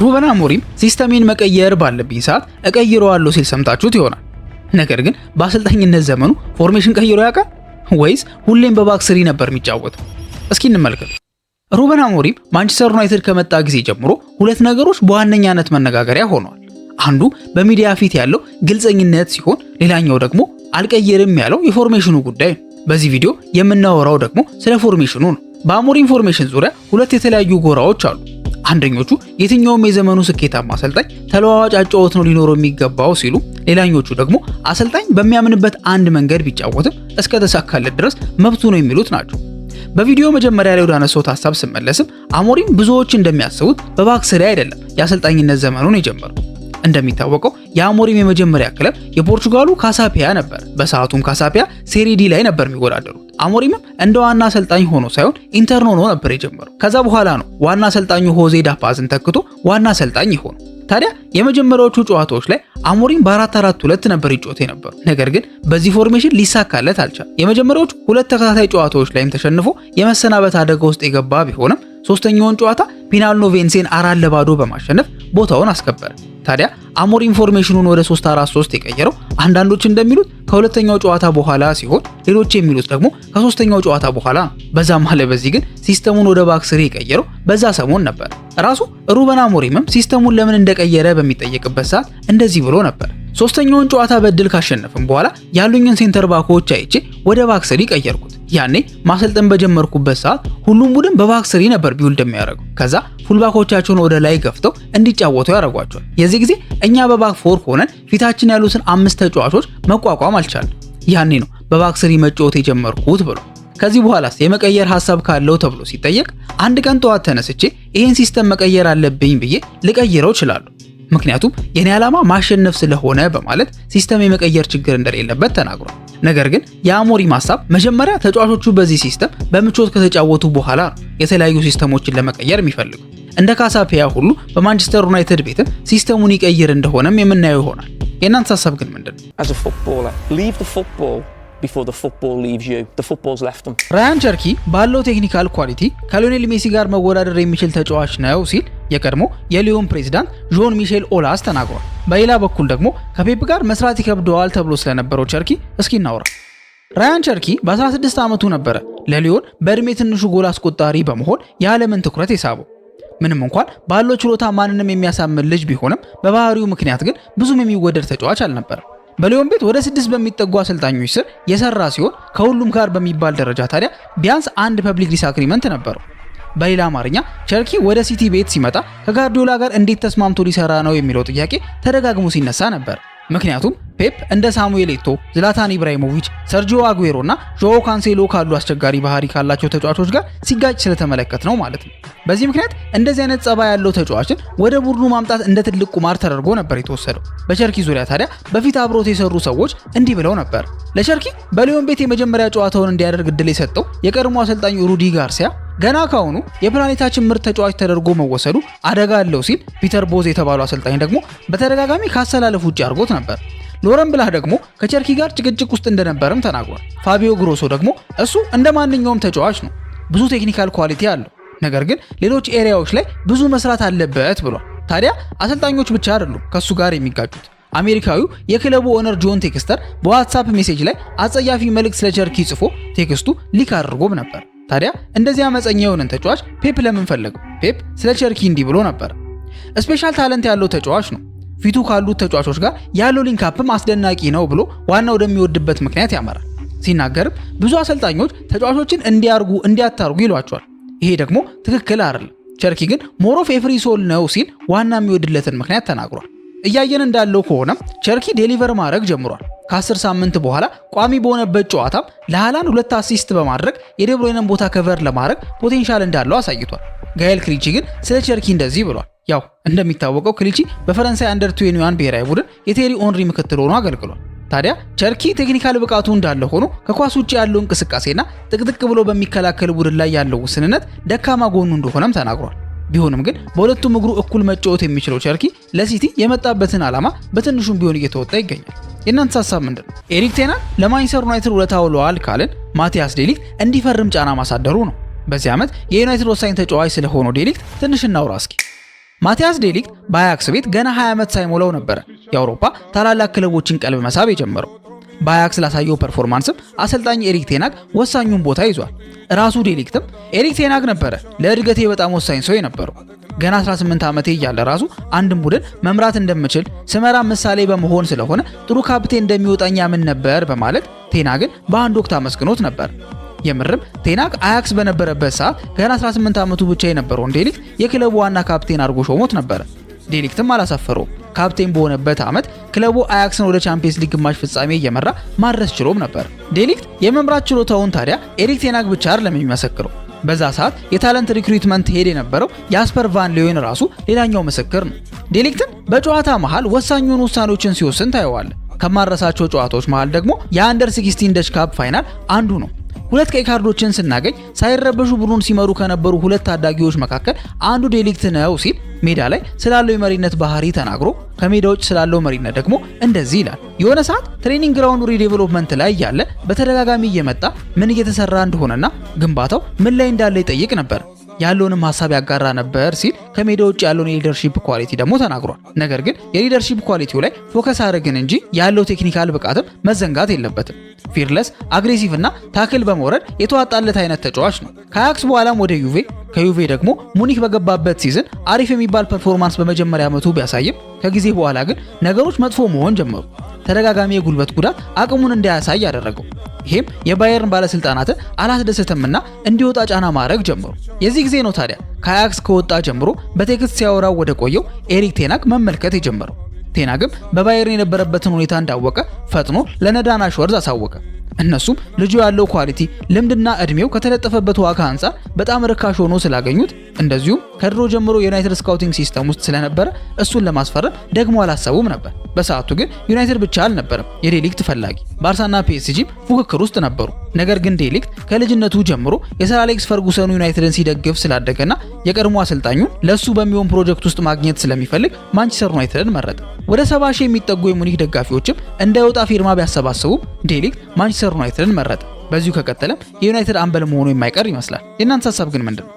ሩበን አሞሪም ሲስተሜን መቀየር ባለብኝ ሰዓት እቀይረዋለሁ ሲል ሰምታችሁት ይሆናል። ነገር ግን በአሰልጣኝነት ዘመኑ ፎርሜሽን ቀይሮ ያውቃል ወይስ ሁሌም በባክ ስሪ ነበር የሚጫወተው? እስኪ እንመልከት። ሩበን አሞሪም ማንቸስተር ዩናይትድ ከመጣ ጊዜ ጀምሮ ሁለት ነገሮች በዋነኛነት መነጋገሪያ ሆነዋል። አንዱ በሚዲያ ፊት ያለው ግልፀኝነት ሲሆን፣ ሌላኛው ደግሞ አልቀየርም ያለው የፎርሜሽኑ ጉዳይ ነው። በዚህ ቪዲዮ የምናወራው ደግሞ ስለ ፎርሜሽኑ ነው። በአሞሪም ፎርሜሽን ዙሪያ ሁለት የተለያዩ ጎራዎች አሉ። አንደኞቹ የትኛውም የዘመኑ ስኬታማ አሰልጣኝ ተለዋዋጭ አጫወት ነው ሊኖረው የሚገባው ሲሉ፣ ሌላኞቹ ደግሞ አሰልጣኝ በሚያምንበት አንድ መንገድ ቢጫወትም እስከ ተሳካለት ድረስ መብቱ ነው የሚሉት ናቸው። በቪዲዮ መጀመሪያ ላይ ወዳነሳሁት ሀሳብ ስመለስም አሞሪም ብዙዎች እንደሚያስቡት በባክ ስሪ አይደለም የአሰልጣኝነት ዘመኑን የጀመረው እንደሚታወቀው የአሞሪም የመጀመሪያ ክለብ የፖርቹጋሉ ካሳፒያ ነበር። በሰዓቱም ካሳፒያ ሴሪዲ ላይ ነበር የሚወዳደሩት። አሞሪምም እንደ ዋና አሰልጣኝ ሆኖ ሳይሆን ኢንተርን ሆኖ ነበር የጀመረው። ከዛ በኋላ ነው ዋና አሰልጣኙ ሆዜ ዳፓዝን ተክቶ ዋና አሰልጣኝ ይሆኑ ታዲያ የመጀመሪያዎቹ ጨዋታዎች ላይ አሞሪም በአራት አራት ሁለት ነበር ይጮት የነበረው። ነገር ግን በዚህ ፎርሜሽን ሊሳካለት አልቻለም። የመጀመሪያዎቹ ሁለት ተከታታይ ጨዋታዎች ላይም ተሸንፎ የመሰናበት አደጋ ውስጥ የገባ ቢሆንም ሶስተኛውን ጨዋታ ፒናልኖ ቬንሴን አራት ለባዶ በማሸነፍ ቦታውን አስከበረ። ታዲያ አሞር ኢንፎርሜሽኑን ወደ 343 የቀየረው አንዳንዶች እንደሚሉት ከሁለተኛው ጨዋታ በኋላ ሲሆን ሌሎች የሚሉት ደግሞ ከሶስተኛው ጨዋታ በኋላ ነው። በዛም አለ በዚህ ግን ሲስተሙን ወደ ባክስሪ የቀየረው በዛ ሰሞን ነበር። ራሱ ሩበን አሞሪምም ሲስተሙን ለምን እንደቀየረ በሚጠየቅበት ሰዓት እንደዚህ ብሎ ነበር። ሶስተኛውን ጨዋታ በድል ካሸነፍም በኋላ ያሉኝን ሴንተር ባኮች አይቼ ወደ ባክስሪ ቀየርኩት ያኔ ማሰልጠን በጀመርኩበት ሰዓት ሁሉም ቡድን በባክስሪ ነበር ቢውልድ የሚያደርገው። ከዛ ፉልባኮቻቸውን ወደ ላይ ገፍተው እንዲጫወቱ ያደርጓቸዋል። የዚህ ጊዜ እኛ በባክ ፎር ሆነን ፊታችን ያሉትን አምስት ተጫዋቾች መቋቋም አልቻለም። ያኔ ነው በባክስሪ መጫወት የጀመርኩት ብሎ ከዚህ በኋላስ የመቀየር ሀሳብ ካለው ተብሎ ሲጠየቅ አንድ ቀን ጠዋት ተነስቼ ይህን ሲስተም መቀየር አለብኝ ብዬ ልቀይረው እችላለሁ፣ ምክንያቱም የኔ ዓላማ ማሸነፍ ስለሆነ በማለት ሲስተም የመቀየር ችግር እንደሌለበት ተናግሯል። ነገር ግን የአሞሪም ሀሳብ መጀመሪያ ተጫዋቾቹ በዚህ ሲስተም በምቾት ከተጫወቱ በኋላ የተለያዩ ሲስተሞችን ለመቀየር የሚፈልጉ እንደ ካሳፒያ ሁሉ በማንቸስተር ዩናይትድ ቤትም ሲስተሙን ይቀይር እንደሆነም የምናየው ይሆናል። የእናንተ ሀሳብ ግን ምንድን ነው? ራያን ቸርኪ ባለው ቴክኒካል ኳሊቲ ከሊዮኔል ሜሲ ጋር መወዳደር የሚችል ተጫዋች ነው ሲል የቀድሞ የሊዮን ፕሬዚዳንት ዦን ሚሼል ኦላስ ተናግሯል። በሌላ በኩል ደግሞ ከፔፕ ጋር መስራት ይከብደዋል ተብሎ ስለነበረው ቸርኪ እስኪ እናውራ። ራያን ቸርኪ በ16 ዓመቱ ነበረ ለሊዮን በእድሜ ትንሹ ጎል አስቆጣሪ በመሆን የዓለምን ትኩረት የሳበው። ምንም እንኳን ባለው ችሎታ ማንንም የሚያሳምን ልጅ ቢሆንም በባህሪው ምክንያት ግን ብዙም የሚወደድ ተጫዋች አልነበረም። በሊዮን ቤት ወደ ስድስት በሚጠጉ አሰልጣኞች ስር የሰራ ሲሆን ከሁሉም ጋር በሚባል ደረጃ ታዲያ ቢያንስ አንድ ፐብሊክ ዲስአግሪመንት ነበረው። በሌላ አማርኛ ቸርኪ ወደ ሲቲ ቤት ሲመጣ ከጋርዲዮላ ጋር እንዴት ተስማምቶ ሊሰራ ነው የሚለው ጥያቄ ተደጋግሞ ሲነሳ ነበር። ምክንያቱም ፔፕ እንደ ሳሙኤል ኤቶ፣ ዝላታን ኢብራሂሞቪች፣ ሰርጂዮ አጉዌሮ እና ዦኦ ካንሴሎ ካሉ አስቸጋሪ ባህሪ ካላቸው ተጫዋቾች ጋር ሲጋጭ ስለተመለከት ነው ማለት ነው። በዚህ ምክንያት እንደዚህ አይነት ጸባይ ያለው ተጫዋችን ወደ ቡድኑ ማምጣት እንደ ትልቅ ቁማር ተደርጎ ነበር የተወሰደው። በቸርኪ ዙሪያ ታዲያ በፊት አብሮት የሰሩ ሰዎች እንዲህ ብለው ነበር። ለቸርኪ በሊዮን ቤት የመጀመሪያ ጨዋታውን እንዲያደርግ እድል የሰጠው የቀድሞ አሰልጣኝ ሩዲ ጋርሲያ ገና ካሁኑ የፕላኔታችን ምርጥ ተጫዋች ተደርጎ መወሰዱ አደጋ አለው ሲል ፒተር ቦዝ የተባለው አሰልጣኝ ደግሞ በተደጋጋሚ ካሰላለፍ ውጭ አድርጎት ነበር። ሎረን ብላህ ደግሞ ከቸርኪ ጋር ጭቅጭቅ ውስጥ እንደነበረም ተናግሯል። ፋቢዮ ግሮሶ ደግሞ እሱ እንደ ማንኛውም ተጫዋች ነው፣ ብዙ ቴክኒካል ኳሊቲ አለው፣ ነገር ግን ሌሎች ኤሪያዎች ላይ ብዙ መስራት አለበት ብሏል። ታዲያ አሰልጣኞች ብቻ አይደሉም ከእሱ ጋር የሚጋጩት። አሜሪካዊው የክለቡ ኦነር ጆን ቴክስተር በዋትሳፕ ሜሴጅ ላይ አጸያፊ መልእክት ስለ ቸርኪ ጽፎ ቴክስቱ ሊክ አድርጎም ነበር። ታዲያ እንደዚህ አመፀኛ የሆነን ተጫዋች ፔፕ ለምን ፈለገው? ፔፕ ስለ ቸርኪ እንዲህ ብሎ ነበር። ስፔሻል ታለንት ያለው ተጫዋች ነው። ፊቱ ካሉት ተጫዋቾች ጋር ያለው አፕም አስደናቂ ነው ብሎ ዋና ወደሚወድበት ምክንያት ያመራል። ሲናገርም ብዙ አሰልጣኞች ተጫዋቾችን እንዲያርጉ እንዲያታርጉ ይሏቸዋል። ይሄ ደግሞ ትክክል አይደለም። ቸርኪ ግን ሞሮፍ ሶል ነው ሲል ዋና የሚወድለትን ምክንያት ተናግሯል። እያየን እንዳለው ከሆነም ቸርኪ ዴሊቨር ማድረግ ጀምሯል። ከ10 ሳምንት በኋላ ቋሚ በሆነበት ጨዋታም ለሃላንድ ሁለት አሲስት በማድረግ የደብሮይነን ቦታ ከቨር ለማድረግ ፖቴንሻል እንዳለው አሳይቷል። ጋኤል ክሊቺ ግን ስለ ቸርኪ እንደዚህ ብሏል። ያው እንደሚታወቀው ክሊቺ በፈረንሳይ አንደር ቱዌኒዋን ብሔራዊ ቡድን የቴሪ ኦንሪ ምክትል ሆኖ አገልግሏል። ታዲያ ቸርኪ ቴክኒካል ብቃቱ እንዳለ ሆኖ ከኳስ ውጭ ያለው እንቅስቃሴና ጥቅጥቅ ብሎ በሚከላከል ቡድን ላይ ያለው ውስንነት ደካማ ጎኑ እንደሆነም ተናግሯል። ቢሆንም ግን በሁለቱም እግሩ እኩል መጫወት የሚችለው ቸርኪ ለሲቲ የመጣበትን ዓላማ በትንሹም ቢሆን እየተወጣ ይገኛል። የእናንተ ሀሳብ ምንድን ነው? ኤሪክ ቴና ለማንቸስተር ዩናይትድ ውለታ ውለዋል ካልን ማቲያስ ዴሊክት እንዲፈርም ጫና ማሳደሩ ነው። በዚህ ዓመት የዩናይትድ ወሳኝ ተጫዋች ስለሆነው ዴሊክት ትንሽ እናውራ እስኪ። ማቲያስ ዴሊክት በአያክስ ቤት ገና 20 ዓመት ሳይሞላው ነበረ የአውሮፓ ታላላቅ ክለቦችን ቀልብ መሳብ የጀመረው። በአያክስ ላሳየው ፐርፎርማንስም አሰልጣኝ ኤሪክ ቴናግ ወሳኙን ቦታ ይዟል። ራሱ ዴሊክትም ኤሪክ ቴናግ ነበረ ለእድገቴ በጣም ወሳኝ ሰው የነበረው ገና 18 ዓመቴ እያለ ራሱ አንድም ቡድን መምራት እንደምችል ስመራ ምሳሌ በመሆን ስለሆነ ጥሩ ካፕቴን እንደሚወጣኝ ያምን ነበር በማለት ቴናግን በአንድ ወቅት አመስግኖት ነበር። የምርም ቴናግ አያክስ በነበረበት ሰዓት ገና 18 ዓመቱ ብቻ የነበረውን ዴሊክት የክለቡ ዋና ካፕቴን አድርጎ ሾሞት ነበር። ዴሊክትም አላሳፈረውም። ካፕቴን በሆነበት ዓመት ክለቡ አያክስን ወደ ቻምፒየንስ ሊግ ግማሽ ፍጻሜ እየመራ ማድረስ ችሎም ነበር። ዴሊክት የመምራት ችሎታውን ታዲያ ኤሪክ ቴናግ ብቻ አይደለም የሚመሰክረው በዛ ሰዓት የታለንት ሪክሩትመንት ሄድ የነበረው ያስፐር ቫን ሊዮን ራሱ ሌላኛው ምስክር ነው። ዴሊክትን በጨዋታ መሃል ወሳኙን ውሳኔዎችን ሲወስን ታየዋል። ከማረሳቸው ጨዋታዎች መሃል ደግሞ የአንደር 16 ደች ካፕ ፋይናል አንዱ ነው። ሁለት ቀይ ካርዶችን ስናገኝ ሳይረበሹ ቡድኑን ሲመሩ ከነበሩ ሁለት ታዳጊዎች መካከል አንዱ ዴሊክት ነው ሲል ሜዳ ላይ ስላለው የመሪነት ባህሪ ተናግሮ ከሜዳ ውጭ ስላለው መሪነት ደግሞ እንደዚህ ይላል። የሆነ ሰዓት ትሬኒንግ ግራውንዱ ሪዴቨሎፕመንት ላይ እያለ በተደጋጋሚ እየመጣ ምን እየተሰራ እንደሆነና ግንባታው ምን ላይ እንዳለ ይጠይቅ ነበር። ያለውንም ሀሳብ ያጋራ ነበር ሲል ከሜዳ ውጭ ያለውን የሊደርሺፕ ኳሊቲ ደግሞ ተናግሯል። ነገር ግን የሊደርሺፕ ኳሊቲው ላይ ፎከስ አድርግን እንጂ ያለው ቴክኒካል ብቃትም መዘንጋት የለበትም። ፊርለስ፣ አግሬሲቭ እና ታክል በመውረድ የተዋጣለት አይነት ተጫዋች ነው። ከአያክስ በኋላም ወደ ዩቬ ከዩቬ ደግሞ ሙኒክ በገባበት ሲዝን አሪፍ የሚባል ፐርፎርማንስ በመጀመሪያ ዓመቱ ቢያሳይም ከጊዜ በኋላ ግን ነገሮች መጥፎ መሆን ጀመሩ። ተደጋጋሚ የጉልበት ጉዳት አቅሙን እንዳያሳይ አደረገው። ይህም የባየርን ባለስልጣናትን አላስደሰተምና እንዲወጣ ጫና ማድረግ ጀመሩ። የዚህ ጊዜ ነው ታዲያ ከአያክስ ከወጣ ጀምሮ በቴክስት ሲያወራው ወደ ቆየው ኤሪክ ቴናክ መመልከት የጀመረው። ቴናግም በባየርን የነበረበትን ሁኔታ እንዳወቀ ፈጥኖ ለነዳና ሾርዝ አሳወቀ። እነሱም ልጁ ያለው ኳሊቲ ልምድና እድሜው ከተለጠፈበት ዋጋ አንጻር በጣም ርካሽ ሆኖ ስላገኙት እንደዚሁም ከድሮ ጀምሮ ዩናይትድ ስካውቲንግ ሲስተም ውስጥ ስለነበረ እሱን ለማስፈረም ደግሞ አላሰቡም ነበር። በሰዓቱ ግን ዩናይትድ ብቻ አልነበረም የዴሊክት ፈላጊ፣ ባርሳና ፒኤስጂም ፉክክር ውስጥ ነበሩ። ነገር ግን ዴሊክት ከልጅነቱ ጀምሮ የሰር አሌክስ ፈርጉሰኑ ዩናይትድን ሲደግፍ ስላደገና የቀድሞ አሰልጣኙን ለእሱ በሚሆን ፕሮጀክት ውስጥ ማግኘት ስለሚፈልግ ማንቸስተር ዩናይትድን መረጠ። ወደ 70 ሺህ የሚጠጉ የሙኒክ ደጋፊዎችም እንዳይወጣ ፊርማ ቢያሰባስቡም ዴሊክት ማንቸስተር ዩናይትድን መረጠ። በዚሁ ከቀጠለም የዩናይትድ አምበል መሆኑ የማይቀር ይመስላል። የእናንተ ሀሳብ ግን ምንድን ነው?